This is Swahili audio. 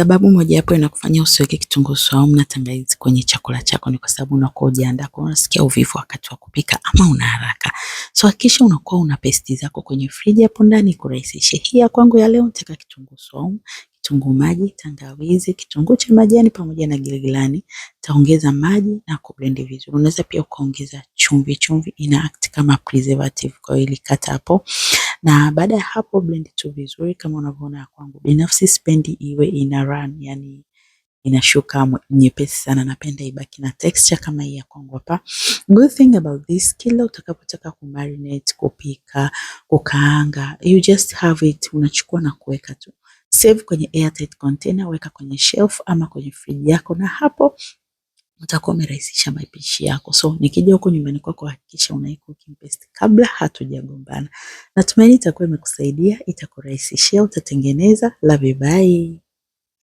Sababu moja hapo inakufanya usiweke kitunguu saumu na tangawizi kwenye chakula chako ni kwa sababu unakuwa hujaandaa, kwa unasikia uvivu wakati wa kupika ama una haraka. So hakikisha unakuwa una pesti zako kwenye friji hapo ndani kurahisisha. Hii ya kwangu ya leo nitaka kitunguu saumu, kitunguu maji, tangawizi, kitunguu cha majani pamoja na giligilani. Taongeza maji na kublendi vizuri. Unaweza pia ukaongeza chumvi. Chumvi ina act kama preservative, kwa hiyo ilikata hapo na baada ya hapo blend tu vizuri kama unavyoona ya kwangu. Binafsi sipendi iwe ina run, yani inashuka nyepesi sana, napenda ibaki na texture kama hii ya kwangu hapa. Good thing about this, kila utakapotaka marinate, kupika, kukaanga, you just have it, unachukua na kuweka tu. Save kwenye airtight container, weka kwenye shelf ama kwenye fridge yako, na hapo utakuwa umerahisisha mapishi yako. So nikija huko nyumbani kwako, hakikisha unaika cooking paste kabla hatujagombana. Natumaini itakuwa imekusaidia, itakurahisishia, utatengeneza. Love you, bye.